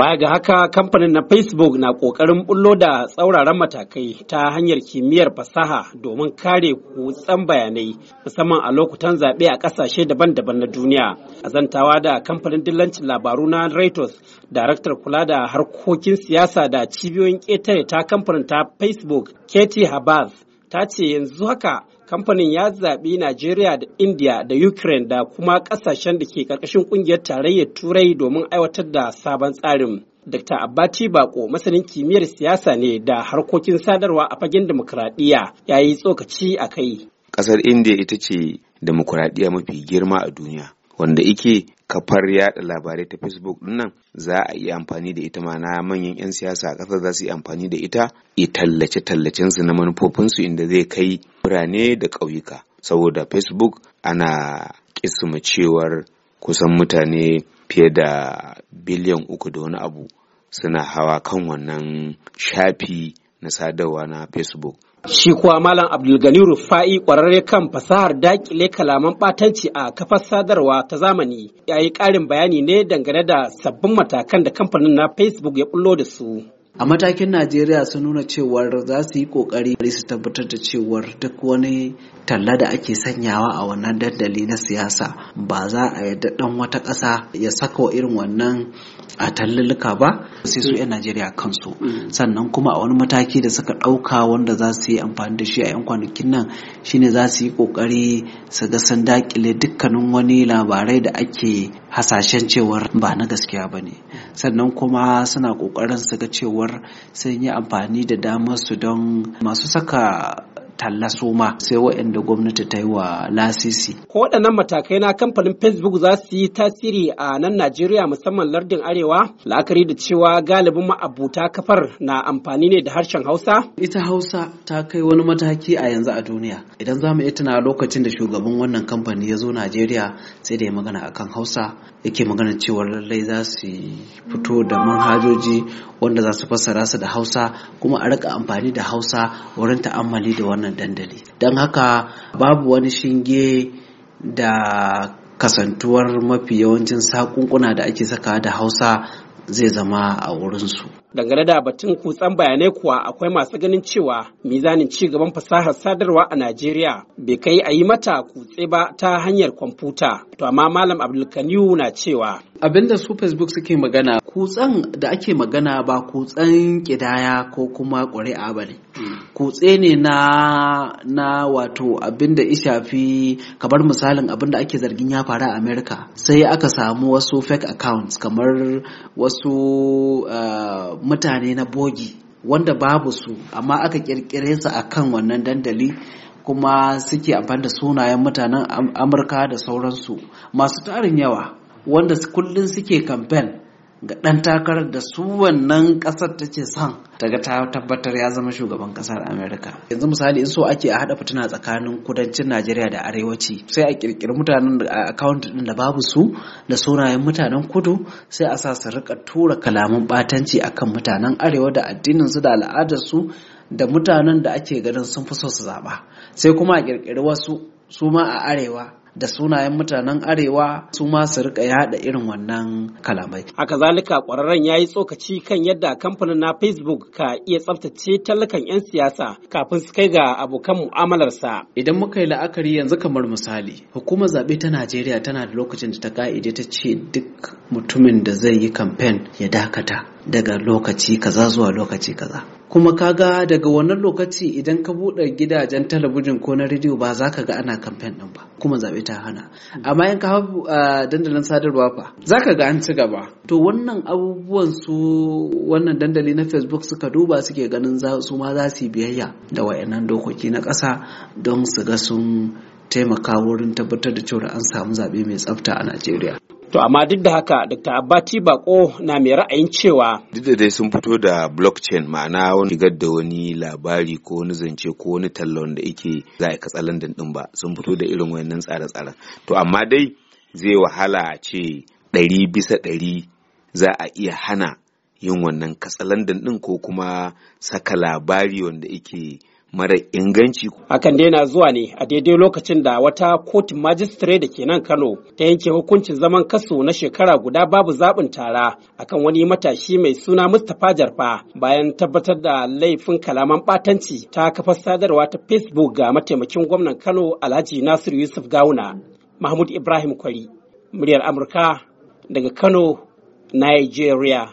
Baya ga haka kamfanin na Facebook na ƙoƙarin bullo da tsauraran matakai ta hanyar kimiyyar fasaha domin kare kutsan bayanai musamman a lokutan zaɓe a ƙasashe daban-daban na duniya. A zantawa da kamfanin dillancin labaru na Reuters, daraktar kula da harkokin siyasa da cibiyoyin ƙetare ta kamfanin ta Facebook, Katie Habaz, ta ce yanzu haka kamfanin ya zaɓi Najeriya da India da Ukraine da kuma ƙasashen da ke ƙarƙashin ƙungiyar tarayyar Turai domin aiwatar da sabon tsarin. Dr. Abbati Bako masanin kimiyyar siyasa ne da harkokin sadarwa a fagen demokuraɗiyya ya yi tsokaci a kai. Ƙasar India ita ce demokuraɗiyya mafi girma a duniya. wanda ike kafar yada labarai ta facebook nan za a yi amfani da ita mana manyan 'yan siyasa a ƙasar za su yi amfani da ita i tallace su na manufofinsu inda zai kai birane da ƙauyuka saboda facebook ana kisma cewar kusan mutane fiye da biliyan uku da wani abu suna hawa kan wannan shafi na sadarwa na facebook Shi kuwa Malam Abdulgani Rufa'i ƙwararre kan fasahar dakile kalaman ɓatanci a kafar sadarwa ta zamani ya yi ƙarin bayani ne dangane da sabbin matakan da kamfanin na Facebook ya bullo da su. a matakin najeriya sun nuna cewar za su yi kokari su tabbatar da cewar duk wani talla da ake sanyawa a wannan dandali na siyasa ba za a yadda dan wata ƙasa ya saka wa irin wannan a tallulluka ba sai su 'yan najeriya kansu mm. sannan kuma a wani mataki da suka ɗauka wanda za su yi amfani da shi a 'yan kwanakin nan shine za su yi kokari su ga sun dakile dukkanin wani labarai da ake hasashen cewar ba na gaskiya ba ne sannan kuma suna ƙoƙarin su ga cewar sun yi amfani da damar su don masu saka talla su ma sai waɗanda gwamnati ta yi wa lasisi. Ko waɗannan matakai na kamfanin Facebook za su yi tasiri a nan Najeriya musamman lardin Arewa la'akari da cewa galibin ma'abuta kafar na amfani ne da harshen Hausa? Ita Hausa ta kai wani mataki a yanzu a duniya. Idan za mu iya tuna lokacin da shugaban wannan kamfani ya zo Najeriya sai da ya magana akan Hausa yake magana cewa lallai za su fito da manhajoji wanda za su fassara su da Hausa kuma a rika amfani da Hausa wurin ta'ammali da wannan wannan dandali don haka babu wani shinge da kasantuwar mafi yawancin sakunkuna da ake saka da hausa zai zama a wurinsu. Dangane da batun kutsan bayanai kuwa akwai masu ganin cewa mizanin ci gaban fasahar sadarwa a Najeriya bai kai a yi mata kutse ba ta hanyar kwamfuta. To amma Malam Abdulkaniyu na cewa. Abinda su Facebook suke magana kutsan da ake magana ba kutsan kidaya ko kuma ƙuri'a ba ne. kutse ne na na wato abinda ya shafi kamar misalin abinda ake zargin ya faru a america sai aka samu wasu fake accounts kamar wasu eh, mutane na bogi wanda babu su amma aka kirkire su a kan wannan dandali kuma suke amfani da sunayen mutanen amurka da sauransu masu tarin yawa wanda kullum suke kamfen ga ɗan takarar da su wannan ƙasar ta ce son daga ta tabbatar ya zama shugaban ƙasar amerika yanzu misali in so ake a haɗa fituna tsakanin kudancin najeriya da arewaci sai a ƙirƙiri mutanen da akawunt ɗin da babu su da sunayen mutanen kudu sai a sa su riƙa tura kalaman ɓatanci akan mutanen arewa da addinin su da al'adar su da mutanen da ake ganin sun fi so su zaɓa sai kuma a ƙirƙiri wasu su ma a arewa da sunayen mutanen arewa su ma su rika yada irin wannan kalamai haka zalika kwararren yi tsokaci kan yadda kamfanin na facebook ka iya tsaftace talakan yan siyasa kafin su kai ga abokan mu'amalarsa idan muka yi la'akari yanzu kamar misali hukumar zaɓe ta najeriya tana da lokacin da ta ka'ide ta ce duk mutumin da zai yi kamfen ya dakata daga lokaci kaza zuwa lokaci kaza kuma kaga daga wannan lokaci idan ka buɗe gidajen talabijin ko na rediyo ba za ka ga ana kamfen ɗin ba kuma zaɓe ta hana amma in ka hau ah, dandalin sadarwa fa zaka ga an ci gaba to wannan abubuwan su wannan dandali na facebook suka duba suke ganin su ma za su yi biyayya da wayannan dokoki na ƙasa don su ga sun taimaka wurin tabbatar da cewa an samu zaɓe mai tsafta a najeriya To amma duk da haka Dr. Abati Bako na mai ra'ayin cewa duk da dai sun fito da blockchain ma'ana wani shigar da wani labari ko wani zance ko wani talla da ake za a katsalandan din ba sun fito da irin wayannan tsare-tsaren. To amma dai zai wahala a ce ɗari bisa ɗari za a iya hana yin wannan katsalandan din ko kuma saka labari wanda ake mara inganci. Hakan dai na zuwa ne a daidai lokacin da wata kotun majistare da ke nan Kano ta yanke hukuncin zaman kaso na shekara guda babu zaɓin tara akan wani matashi mai suna Mustapha Jarfa bayan tabbatar da laifin kalaman ɓatanci ta kafa sadarwa ta Facebook ga mataimakin gwamnan Kano Alhaji Nasiru Yusuf Gawuna. Mahmud Ibrahim Kwari, muryar Amurka daga Kano, Nigeria.